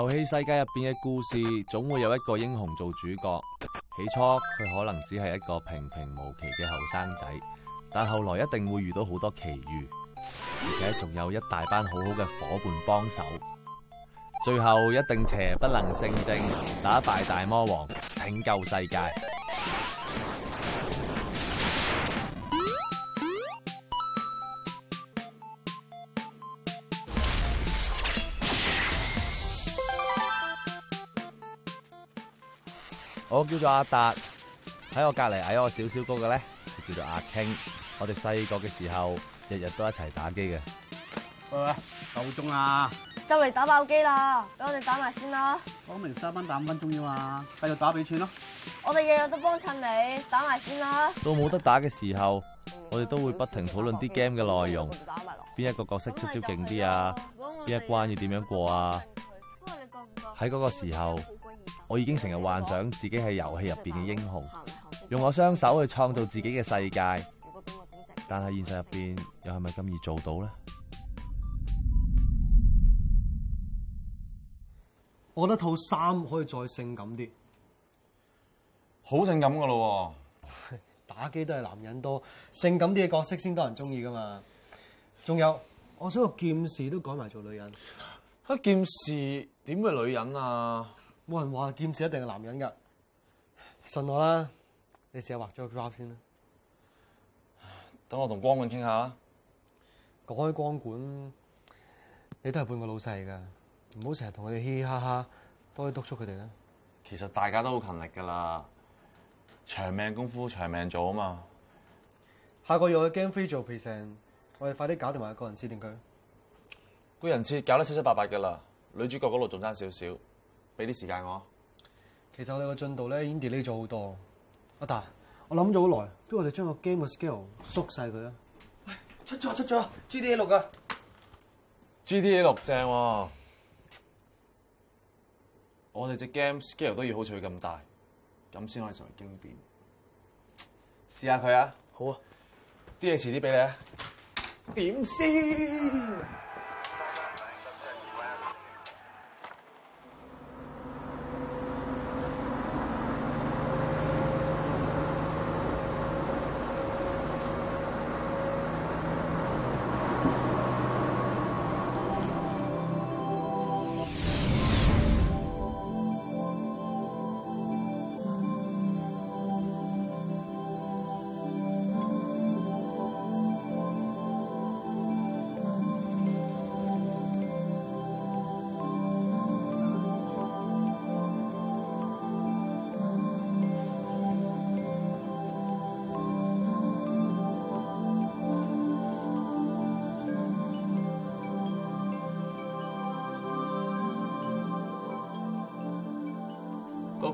遊戲世界入邊嘅故事，總會有一個英雄做主角。起初佢可能只係一個平平無奇嘅後生仔，但後來一定會遇到好多奇遇，而且仲有一大班好好嘅伙伴幫手。最後一定邪不能勝正，打敗大魔王，拯救世界。我叫做阿達，喺我隔籬矮我少少高嘅咧，就叫做阿 King。我哋細個嘅時候，日日都一齊打機嘅。喂喂，夠鐘啦！就嚟打爆機啦，俾我哋打埋先啦。講明三分鐘打五分鐘要啊，繼續打俾串咯。我哋日日都幫襯你，打埋先啦。到冇得打嘅時候，我哋都會不停討論啲 game 嘅內容，邊一個角色出招勁啲啊？邊一關要點樣過啊？喺嗰個時候。我已經成日幻想自己係遊戲入邊嘅英雄，用我雙手去創造自己嘅世界。但係現實入邊又係咪咁易做到咧？我覺得套衫可以再性感啲，好 性感噶咯！ 打機都係男人多，性感啲嘅角色先多人中意噶嘛。仲有，我想個劍士都改埋做女人。啊， 劍士點會女人啊？冇人話劍士一定係男人㗎，信我啦。你試下畫咗個 draft 先啦。等我同光管傾下。講開光管，你都係半個老細㗎，唔好成日同佢哋嘻嘻哈哈，多啲督促佢哋啦。其實大家都好勤力㗎啦，長命功夫長命做啊嘛。下個月去 Game Free 做 presentation，我哋快啲搞掂埋個人設定佢。個人設搞得七七八八㗎啦，女主角嗰度仲爭少少。俾啲時間我。其實我哋個進度咧已經 delay 咗好多。阿達，我諗咗好耐，不如我哋將個 game 嘅 scale 縮晒佢啦。出咗出咗，GTA 六噶。GTA 六正喎，啊。我哋隻 game scale 都要好似佢咁大，咁先可以成為經典。試下佢啊。好啊。啲嘢遲啲俾你啊。點先？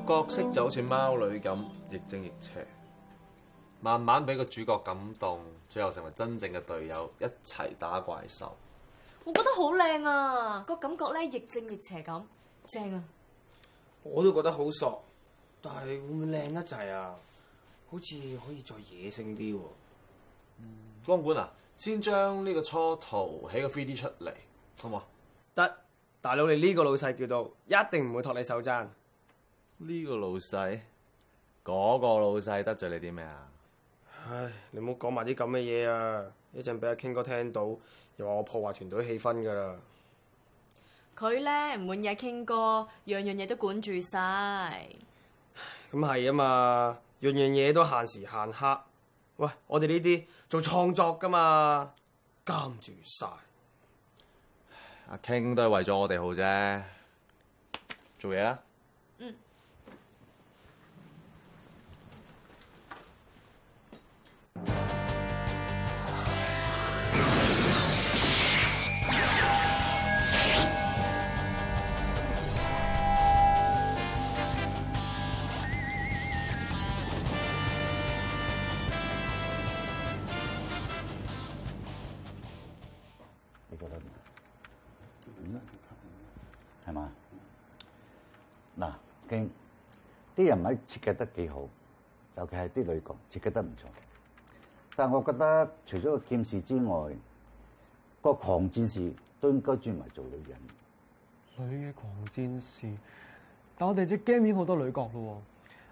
角色就好似貓女咁，亦正亦邪，慢慢俾個主角感動，最後成為真正嘅隊友，一齊打怪獸。我覺得好靚啊，個感覺咧亦正亦邪咁，正啊！我都覺得好索，但係會唔會靚得滯啊？好似可以再野性啲，啊。嗯、光管啊，先將呢個初圖起個 3D 出嚟，好嘛？得，大佬你呢個老細叫到，一定唔會托你手踭。呢個老細，嗰，那個老細得罪你啲咩啊？唉，你唔好講埋啲咁嘅嘢啊！一陣俾阿 King 哥聽到，又話我破壞團隊氣氛噶啦。佢咧唔滿嘢，King 哥樣樣嘢都管住晒。咁係啊嘛，樣樣嘢都限時限刻。喂，我哋呢啲做創作噶嘛，監住晒。阿 King 都係為咗我哋好啫，做嘢啦。啲人物設計得幾好，尤其係啲女角設計得唔錯。但係我覺得，除咗個劍士之外，個狂戰士都應該轉為做女人。女嘅狂戰士。但我哋隻 game 面好多女角咯。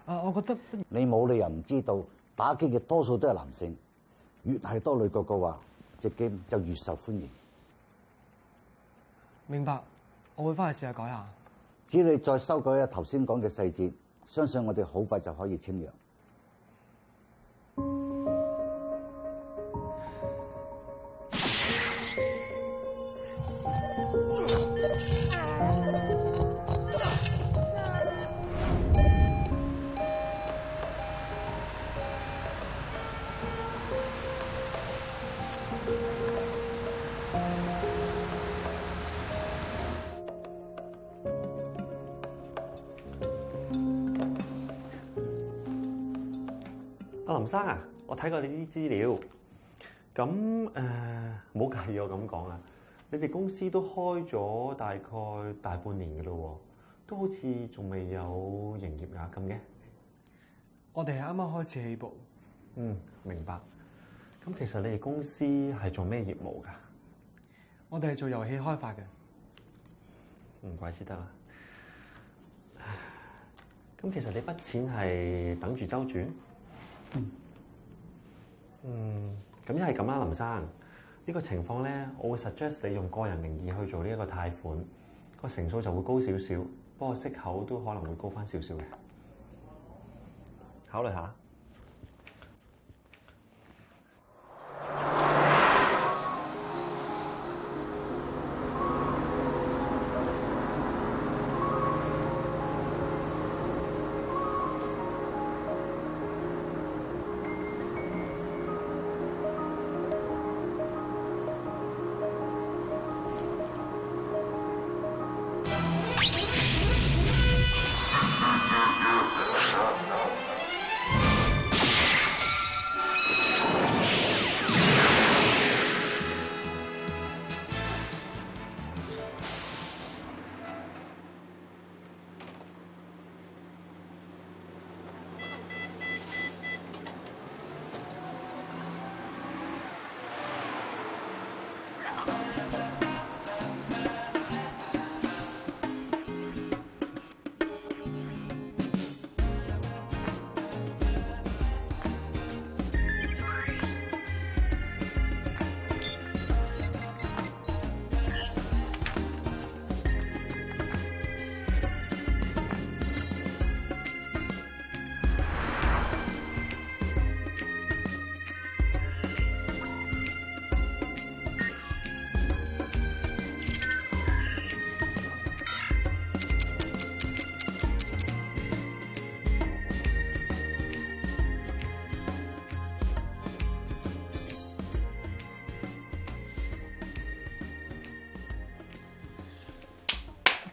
啊，我覺得你冇理由唔知道打機嘅多數都係男性，越係多女角嘅話，隻 game 就越受歡迎。明白，我會翻去試下改下。只要你再修改下頭先講嘅細節。相信我哋好快就可以簽約。睇過你啲資料，咁誒，唔好、呃、介意我咁講啊。你哋公司都開咗大概大半年嘅咯，都好似仲未有營業額咁嘅。我哋係啱啱開始起步。嗯，明白。咁其實你哋公司係做咩業務噶？我哋係做遊戲開發嘅。唔怪之得啦。咁其實你筆錢係等住周轉？嗯。嗯，咁一係咁啦，林生，呢個情況咧，我會 suggest 你用個人名義去做呢一個貸款，個成數就會高少少，不過息口都可能會高翻少少嘅，考慮下。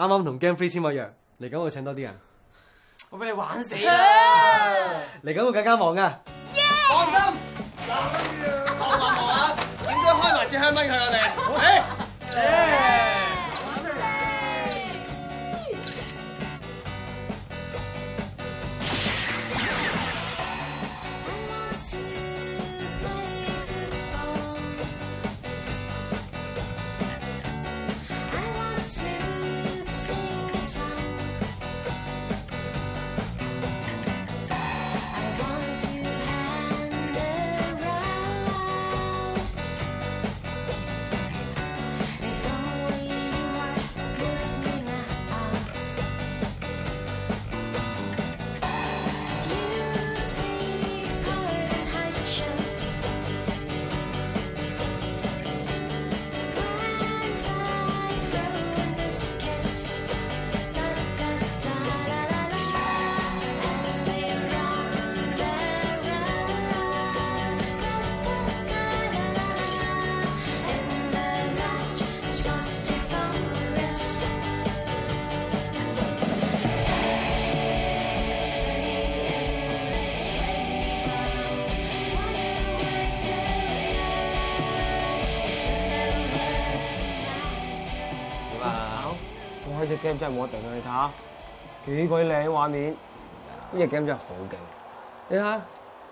啱啱同 Game Three 簽個約，嚟緊會請多啲人，我俾你玩死啊！嚟緊會更加忙㗎，Yeah! 放心，夠唔夠？夠唔夠啊？點都開埋支香檳佢我你？o game 真係冇一定你睇下，幾鬼靚畫面，呢隻 Yeah. game 真係好勁。你睇下，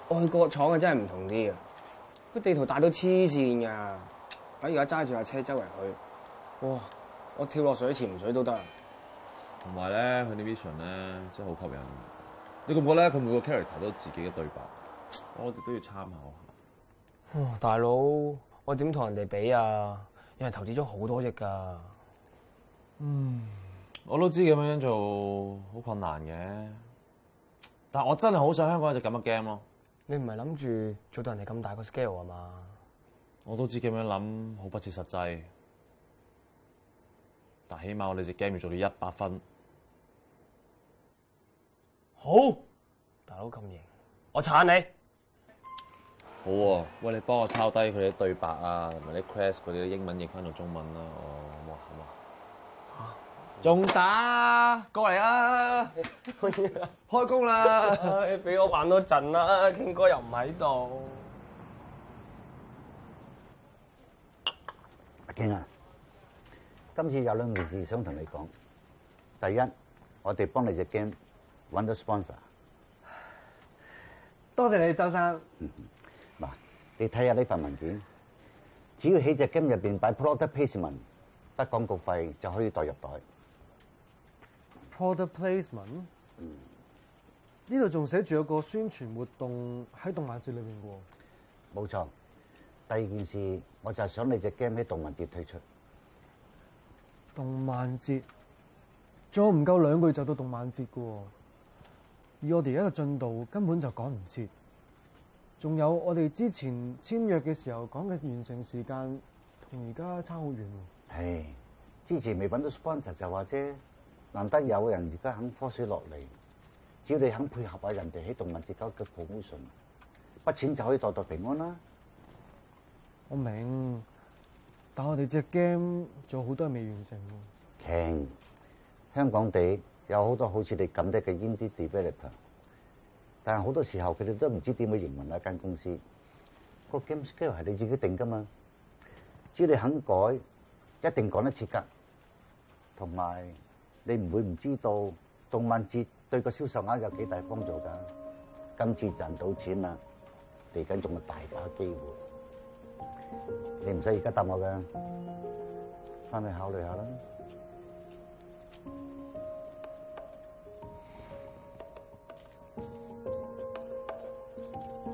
外國廠嘅真係唔同啲嘅，佢地圖大到黐線噶。我而家揸住架車周圍去，哇！我跳落水潛水都得。同埋咧，佢啲 vision 咧真係好吸引。你覺唔覺咧？佢每個 character 都自己嘅對白，我哋都要參考下。哇、哦！大佬，我點同人哋比啊？人哋投資咗好多億噶。嗯。我都知咁樣做好困難嘅，但我真係好想香港有隻咁嘅 game 咯。你唔係諗住做到人哋咁大個 scale 啊嘛？我都知咁樣諗好不切實際，但起碼我哋隻 game 要做到一百分。好，大佬咁型，我撐你。好啊，喂，你幫我抄低佢啲對白啊，同埋啲 quest 嗰啲英文譯翻到中文啦。哦，好，好啊。仲打,過嚟啦， 開工啦，俾、 哎、我玩多陣啦，堅哥又唔喺度。阿堅啊，今次有兩件事想同你講。第一，我哋幫你隻 game 揾到 sponsor，多謝你，周生。嗱、嗯，你睇下呢份文件，只要喺隻 game 入邊擺 product placement，得廣告費就可以代入袋。For the placement，嗯，呢度仲寫住有個宣傳活動喺動漫節裏邊嘅。冇錯。第二件事，我就係想你隻 game 喺動漫節推出。動漫節，仲唔夠兩個月就到動漫節嘅，以我哋而家嘅進度根本就趕唔切。仲有我哋之前簽約嘅時候講嘅完成時間，同而家差好遠。唉，之前未揾到 sponsor 就話啫。難得有人而家肯科水落嚟，只要你肯配合啊，人哋喺動物節搞嘅 promotion，筆錢就可以袋袋平安啦。我明，但我哋隻 game 仲好多未完成。平香港地有好多好似你咁嘅嘅 indie developer，但係好多時候佢哋都唔知點樣營運一間公司。個 game scale 係你自己定㗎嘛，只要你肯改，一定講得切噶，同埋。你唔會唔知道動漫節對個銷售額有幾大幫助㗎？今次賺到錢啦，嚟緊仲有大把機會。你唔使而家答我㗎，翻去考慮下啦。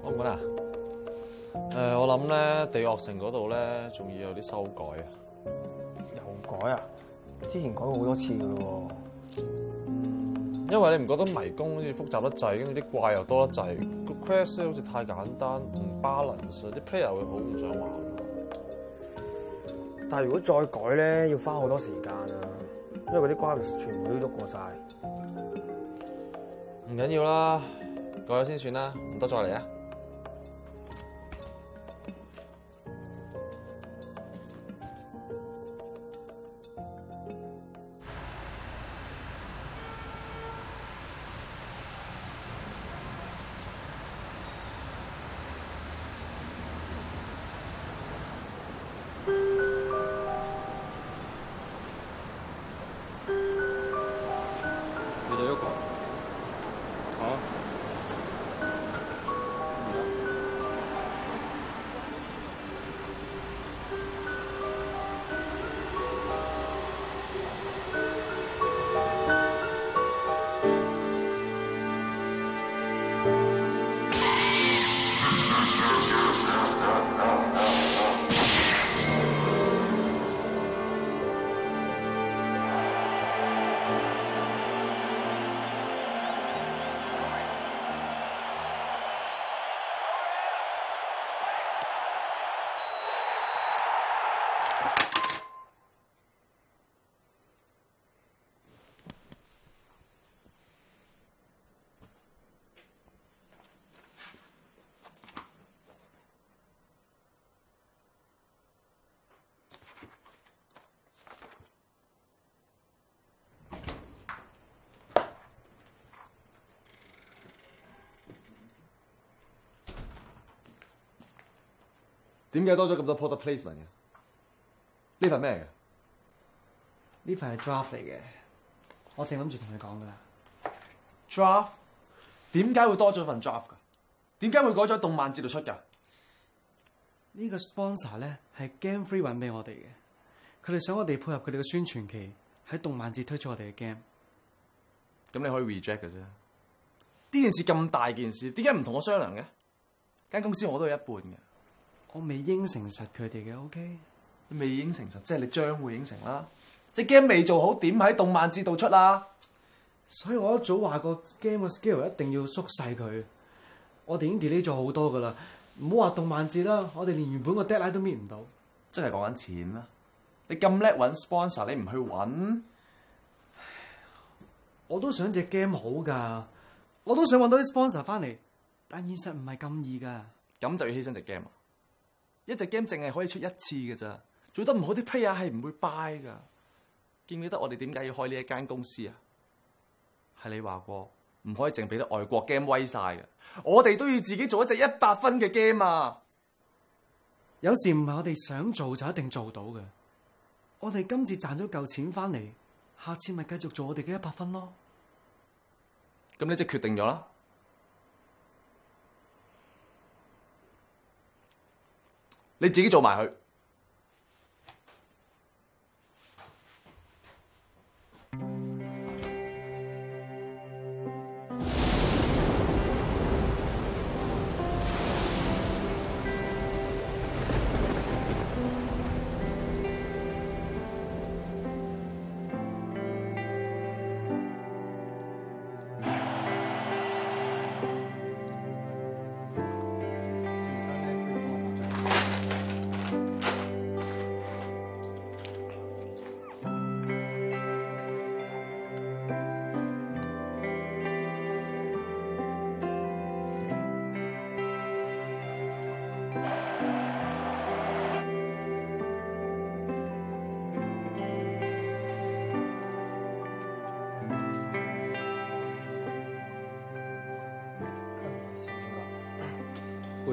我唔管啦。誒，我諗咧地獄城嗰度咧，仲要有啲修改啊。有改啊？之前改過好多次㗎喇喎，因為你唔覺得迷宮好似複雜得滯，跟住啲怪又多得滯，個 crash 好似太簡單，唔 balance，啲 player 會好唔想玩。但係如果再改咧，要花好多時間啊，因為嗰啲 guardians 全部都過晒。唔緊要啦，改咗先算啦，唔得再嚟啊！點解多咗咁多 porter placement 嘅？呢份咩嚟嘅？呢份係 draft 嚟嘅，我正諗住同你講噶啦。draft 點解會多咗份 draft 噶？點解會改咗動漫節度出噶？個呢個 sponsor 咧係 game free 搵俾我哋嘅，佢哋想我哋配合佢哋嘅宣傳期喺動漫節推出我哋嘅 game。咁你可以 reject 嘅啫。呢件事咁大件事，點解唔同我商量嘅？間公司我都有一半嘅。我未應承實佢哋嘅，OK。未應承實，即係你將會應承啦。隻 game 未做好，點喺動漫節度出啊？所以我一早話個 game 嘅 scale 一定要縮細佢。我哋已經 delay 咗好多㗎啦，唔好話動漫節啦，我哋連原本個 deadline 都搣唔到。真係講緊錢啦，你咁叻搵 sponsor，你唔去搵？我都想隻 game 好㗎，我都想搵到啲 sponsor 返嚟，但現實唔係咁易㗎。咁就要犧牲隻 game。一隻 game 淨係可以出一次嘅咋，做得唔好啲 player 係唔會 buy 噶。記唔記得我哋點解要開呢一間公司啊？係你話過唔可以淨俾啲外國 game 威晒嘅，我哋都要自己做一隻一百分嘅 game 啊！有時唔係我哋想做就一定做到嘅，我哋今次賺咗嚿錢翻嚟，下次咪繼續做我哋嘅一百分咯。咁你即係決定咗啦。你自己做埋去。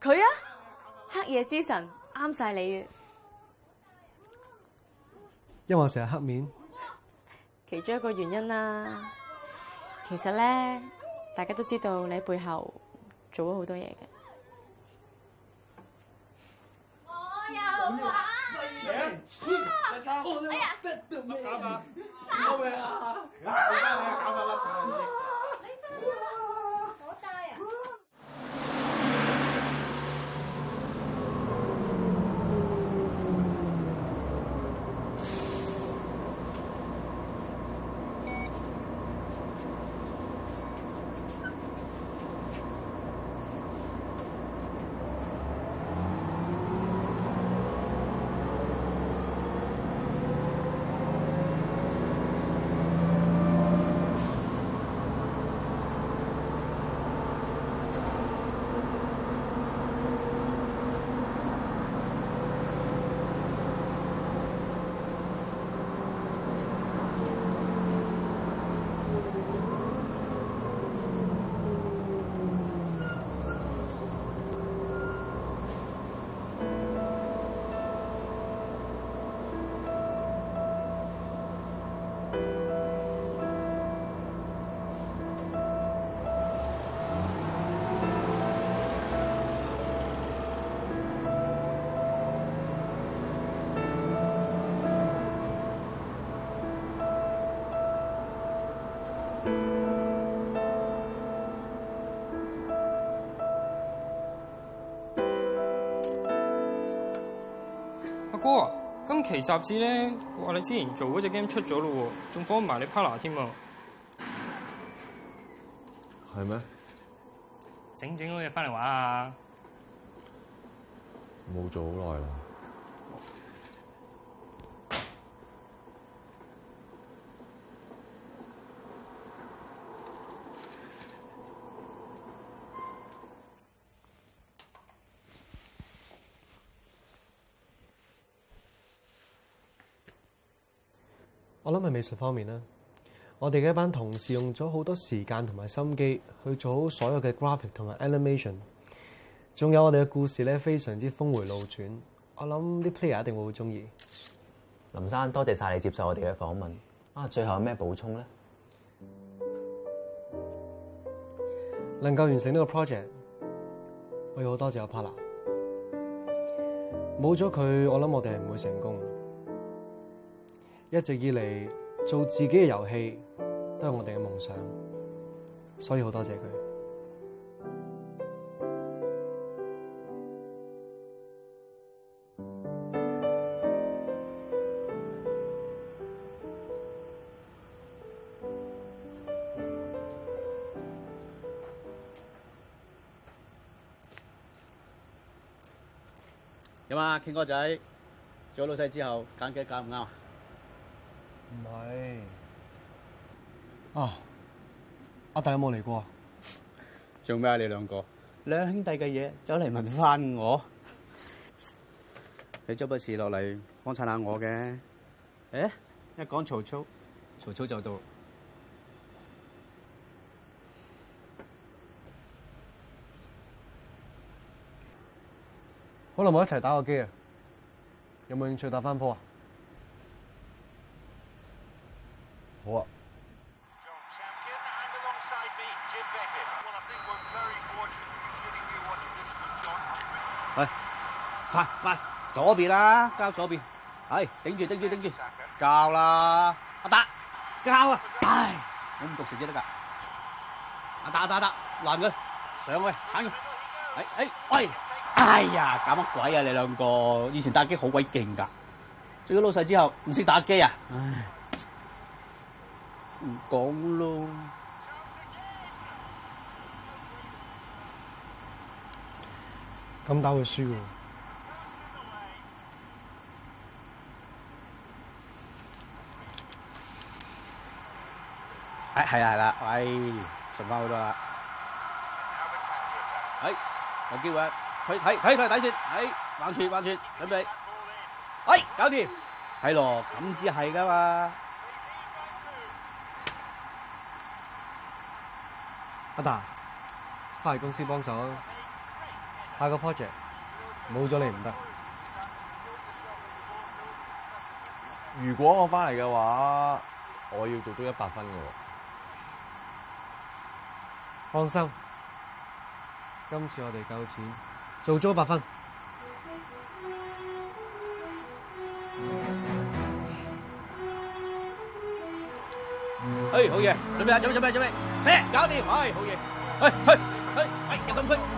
佢啊，黑夜之神啱晒你，因為我成日黑面，其中一個原因啦、啊。其實咧，大家都知道你喺背後做咗好多嘢嘅。我又 哥、哦，今期雜誌咧，哇你之前做嗰隻 game 出咗咯，仲放埋你 partner 添啊？係咩嗎？整整嗰隻翻嚟玩下，冇做好耐啦。我諗係美術方面啦，我哋嘅一班同事用咗好多時間同埋心機去做好所有嘅 graphic 同埋 animation，仲有我哋嘅故事咧，非常之峰回路轉，我諗啲 player 一定會好中意。林生，多謝晒你接受我哋嘅訪問。啊，最後有咩補充咧？能夠完成呢個 project，我要好多謝阿 partner，冇咗佢，我諗我哋係唔會成功。一直以嚟做自己嘅遊戲都係我哋嘅夢想，所以好多謝佢。有冇啊？健哥仔做咗老細之後揀嘅揀唔啱哦，阿弟有冇嚟過？做咩啊？你兩個兩兄弟嘅嘢，走嚟問翻我？ 你周不時落嚟幫襯下我嘅？誒、哎，一講曹操，曹操就到。好耐冇一齊打過機啊！有冇興趣打翻鋪啊？好啊！喂，快快左邊啦，交左邊，係頂住頂住頂住，交啦，阿達交啊，哎，我唔讀成先得噶，阿達達達攔佢，上去鏟佢，哎哎喂，哎呀搞乜鬼啊你兩個，以前打機好鬼勁噶，做咗老細之後唔識打機啊，唉，唔講咯。咁打會輸嘅、哎。哎，係啦係啦，哎，順翻好多啦。有機會，佢睇睇佢底線，哎，橫傳橫傳，準備，哎，搞掂，係咯，咁至係噶嘛。 阿達，翻去公司幫手。下個 project 冇咗你唔得。如果我翻嚟嘅話，我要做到一百分嘅。放心，今次我哋夠錢，做足一百分。係好嘢，準備啊！準備準備準備，射，搞掂。係好嘢，去去去，係入禁區。